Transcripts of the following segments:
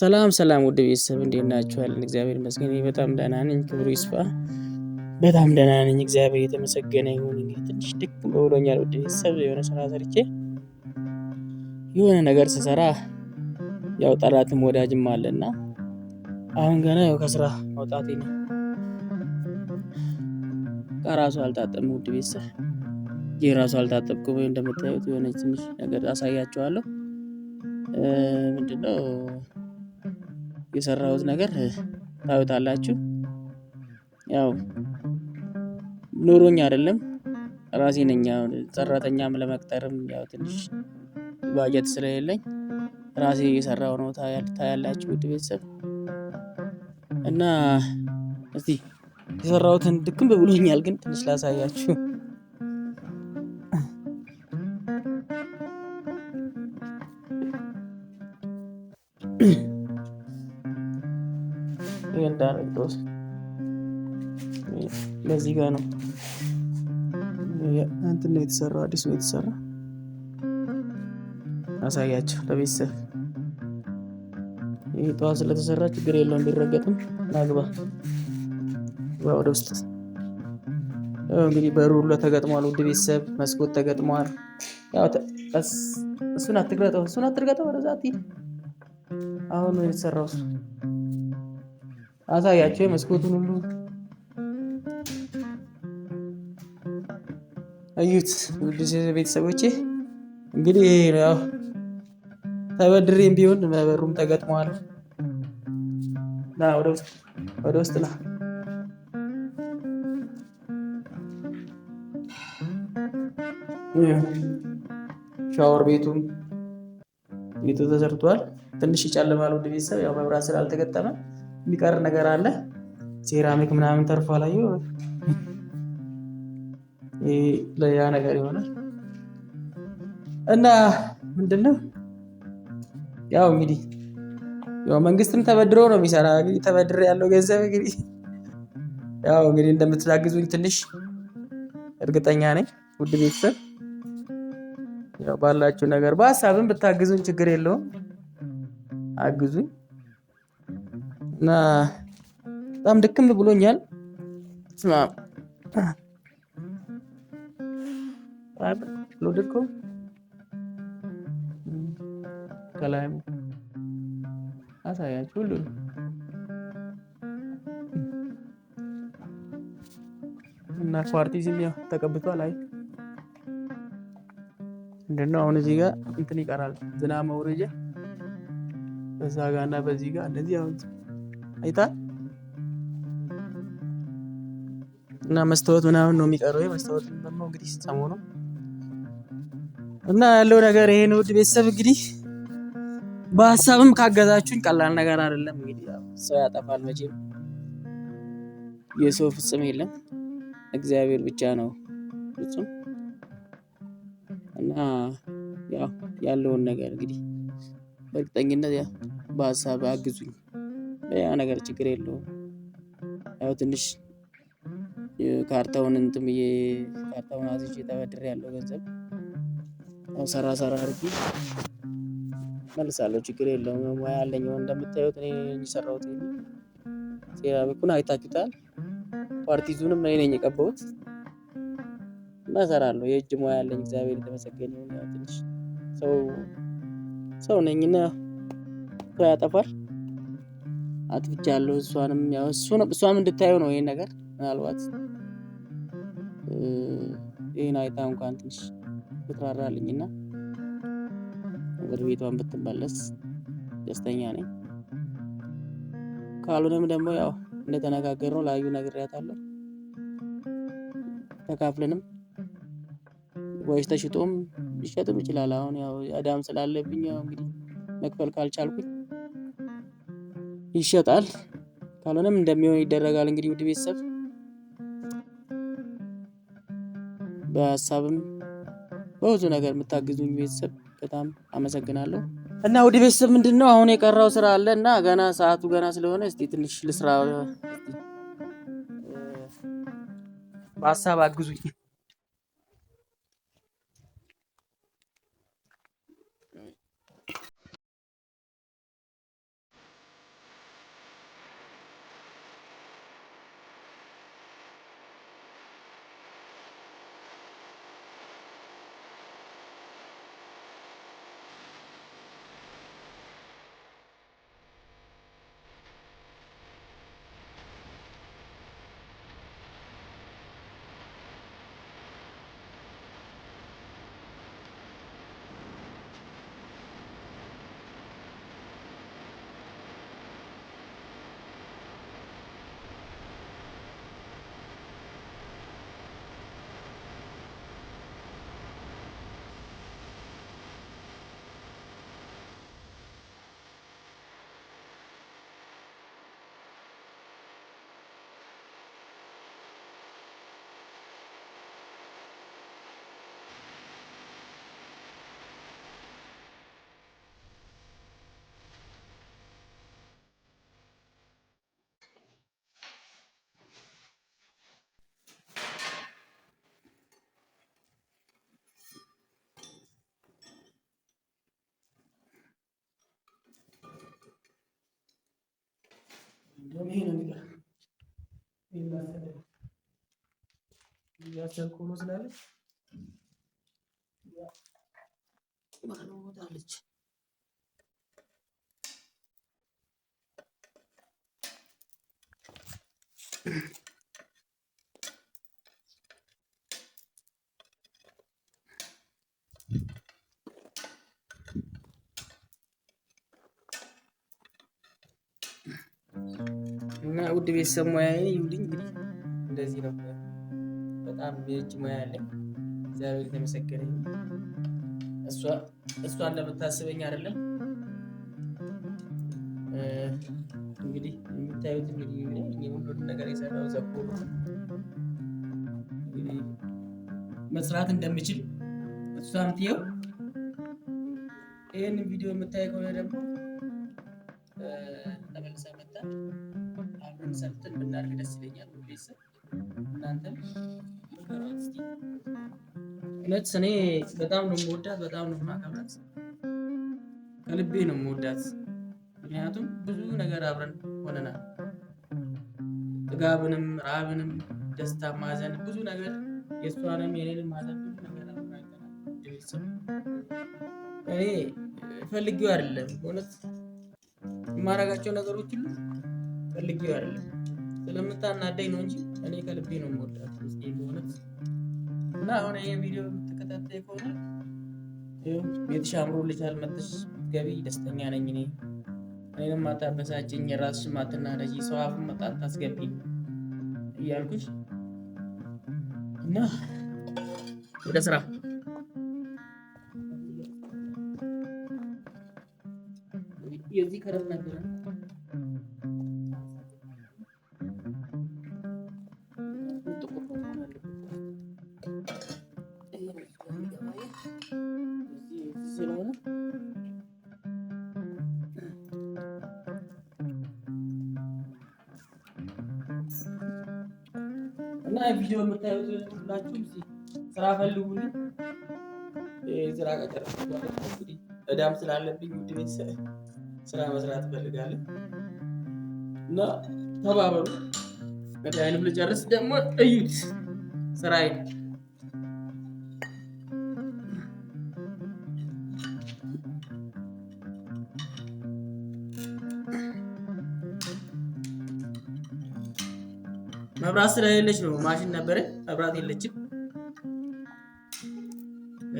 ሰላም ሰላም ውድ ቤተሰብ እንዴት ናችኋለን? እግዚአብሔር ይመስገን በጣም ደህና ነኝ። ክብሩ ይስፋ። በጣም ደህና ነኝ። እግዚአብሔር የተመሰገነ ይሁን። እንግዲህ ትንሽ ድክ ብሎኛል ውድ ቤተሰብ። የሆነ ስራ ሰርቼ የሆነ ነገር ስሰራ ያው ጠላትም ወዳጅም አለና አሁን ገና ያው ከስራ መውጣቴ ነው። ከራሱ አልታጠብም ውድ ቤተሰብ። ይህ ራሱ ወይ እንደምታዩት የሆነ ትንሽ ነገር አሳያችኋለሁ። ምንድነው የሰራሁት ነገር ታዩታላችሁ። ያው ኖሮኝ አይደለም ራሴ ነኝ። ሰራተኛም ለመቅጠርም ያው ትንሽ ባጀት ስለሌለኝ ራሴ የሰራው ነው ታያላችሁ፣ ውድ ቤተሰብ እና እስቲ የሰራሁትን ድክም ብሎኛል፣ ግን ትንሽ ላሳያችሁ። እንዳረገውት በዚህ ጋር ነው እንትን ነው የተሰራ፣ አዲስ ነው የተሰራ። አሳያቸው ለቤተሰብ ይህ ጠዋት ስለተሰራ ችግር የለውም ቢረገጥም ናግባ ወደ ውስጥ እንግዲህ በሩ ሁሉ ተገጥሟል። ውድ ቤተሰብ መስኮት ተገጥሟል። እሱን አትግረጠው፣ እሱን አትርገጠው። ወደዛ አሁን ነው የተሰራው እሱ አሳያቸው የመስኮቱን ሁሉ እዩት። ውድ ቤተሰቦቼ እንግዲህ ያው ተበድሬም ቢሆን በሩም ተገጥመዋል። ና ወደ ውስጥ ና። ሻወር ቤቱም ቤቱ ተሰርቷል። ትንሽ ይጨልማል። ውድ ቤተሰብ ያው መብራት ስላልተገጠመ የሚቀር ነገር አለ? ሴራሚክ ምናምን ተርፎ አላየሁ። ለያ ነገር ይሆናል እና ምንድነው ያው እንግዲህ ያው መንግስትም ተበድሮ ነው የሚሰራ። እንግዲህ ተበድሬ ያለው ገንዘብ እንግዲህ ያው እንግዲህ እንደምትታግዙኝ ትንሽ እርግጠኛ ነኝ። ውድ ቤተሰብ ያው ባላችሁ ነገር በሀሳብም ብታግዙኝ ችግር የለውም፣ አግዙኝ። እና በጣም ድክም ብሎኛል። ከላይ አሳያችሁ ሁሉ እና ኳርቲዝም ያው ተቀብቷል። አይ ምንድነው አሁን እዚህ ጋር እንትን ይቀራል ዝናብ መውረጃ በዛ ጋ እና በዚህ ጋር እንደዚህ አሁን አይታል እና መስታወት ምናምን ነው የሚቀረው። መስታወት ደግሞ እንግዲህ ሲሰሙ ነው እና ያለው ነገር ይሄን ነው። ውድ ቤተሰብ እንግዲህ በሀሳብም ካገዛችሁኝ ቀላል ነገር አይደለም። እንግዲህ ሰው ያጠፋል መቼም የሰው ፍጹም የለም፣ እግዚአብሔር ብቻ ነው ፍጹም። እና ያው ያለውን ነገር እንግዲህ በእርግጠኝነት በሀሳብ አግዙኝ። ያ ነገር ችግር የለውም። ያው ትንሽ ካርታውን እንትን ብዬ ካርታውን አዝቼ ተበድሬ ያለው ገንዘብ ያው ሰራ ሰራ አድርጊ መልሳለሁ። ችግር የለውም። ሙያ አለኝ። እንደምታዩት እኔ የሚሰራውት ሴራ በኩል አይታችሁታል። ፓርቲዙንም እኔ ነኝ የቀባሁት እና እሰራለሁ። የእጅ ሙያ ያለኝ እግዚአብሔር የተመሰገነ። ትንሽ ሰው ሰው ነኝና ያጠፋል አጥፍቻለሁ። እሷንም ያው እሷም እንድታየው ነው ይሄን ነገር ምናልባት ይህን አይታ እንኳን ትንሽ ብትራራልኝና ወደ ቤቷን ብትመለስ ደስተኛ ነኝ። ካልሆነም ደግሞ ያው እንደተነጋገር ነው ላዩ ነግሬያታለሁ። ተካፍለንም ወይስ ተሽጦም ሊሸጥም ይችላል። አሁን ያው አዳም ስላለብኝ ያው እንግዲህ መክፈል ካልቻልኩኝ ይሸጣል። ካልሆነም እንደሚሆን ይደረጋል። እንግዲህ ውድ ቤተሰብ በሀሳብም በብዙ ነገር የምታግዙኝ ቤተሰብ በጣም አመሰግናለሁ። እና ውድ ቤተሰብ ምንድን ነው አሁን የቀረው ስራ አለ እና ገና ሰዓቱ ገና ስለሆነ እስኪ ትንሽ ልስራ፣ በሀሳብ አግዙኝ። እንደውም ይሄ ነው የሚቀር እያቸልኩ ነው ስላለች ባለወዳለች Thank እና ውድ ቤተሰብ ሙያዬ ይሁልኝ እንግዲህ እንደዚህ ነው። በጣም የእጅ ሙያ ያለኝ እግዚአብሔር የተመሰገነ እሷን ለምታስበኝ አይደለም እንግዲህ የምታዩት እንግዲህ የሁሉን ነገር የሰራው ዘቦ መስራት እንደምችል እሷም ትየው ይህን ቪዲዮ የምታይ ከሆነ ደግሞ ሰምተን ብናደርግ ደስ ይለኛል። ቤተሰብ እናንተም እውነት እኔ በጣም ነው የምወዳት፣ በጣም ነው የማከብራት፣ ከልቤ ነው የምወዳት። ምክንያቱም ብዙ ነገር አብረን ሆነናል። ጥጋብንም፣ ራብንም፣ ደስታ፣ ማዘን ብዙ ነገር የእሷንም የኔንም ማዘን ብዙ ነገር ቤተሰብ እኔ ፈልጌው አይደለም በእውነት የማደርጋቸው ነገሮች ሁሉ ፈልጌው አይደለም ስለምታናደኝ ነው እንጂ እኔ ከልቤ ነው የምወዳት ሚስቴ ከሆነች እና አሁን ይሄ ቪዲዮ የምትከታተይ ከሆነ ቤትሽ አምሮልሻል፣ መጥተሽ ገቢ ደስተኛ ነኝ እኔ እኔንም አታበሳጭኝ፣ የራስሽ ማትናደጂ ሰው አፍ መጣት ታስገቢ እያልኩሽ እና ወደ ስራ የዚህ ከረብ ነበረ እና ቪዲዮ የምታዩት ሁላችሁም ስራ ፈልጉልኝ። ስራ ቀጠረ እንግዲህ እዳም ስላለብኝ ውድ ቤተሰብ ስራ መስራት እፈልጋለሁ እና ተባበሩ። ቀጣዩንም ልጨርስ ደግሞ እዩት ስራዬን መብራት ስለሌለች ነው። ማሽን ነበረ፣ መብራት የለችም።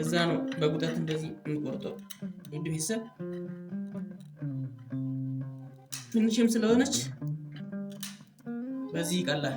እዛ ነው በጉጠት እንደዚህ የምቆርጠው። ውድ ቤተሰብ ትንሽም ስለሆነች በዚህ ይቀላል።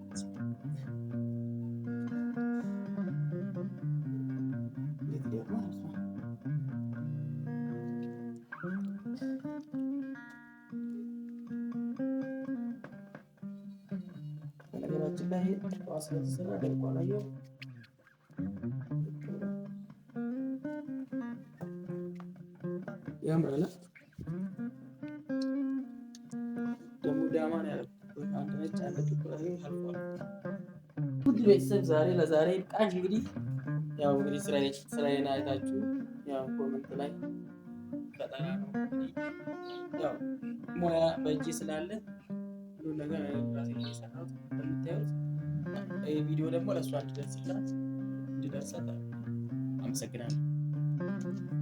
ሰዎች ላይ ጠዋት ስለተሰራ ደርቆ ደግሞ ዳማን ያለ አንድ ነጭ አንድ ጥቁር አልፏል። ውድ ቤተሰብ ዛሬ ለዛሬ ቃሽ እንግዲህ ያው እንግዲህ ስራዬን አይታችሁ ያው ኮመንት ላይ ፈጠራ ነው ያው ሙያ በእጅ ስላለ ሁሉ ነገር ራሴ የሰራሁት እንደምታዩት። ይህ ቪዲዮ ደግሞ ለእሷ እንድደርስላት እንድደርሳት አመሰግናለሁ።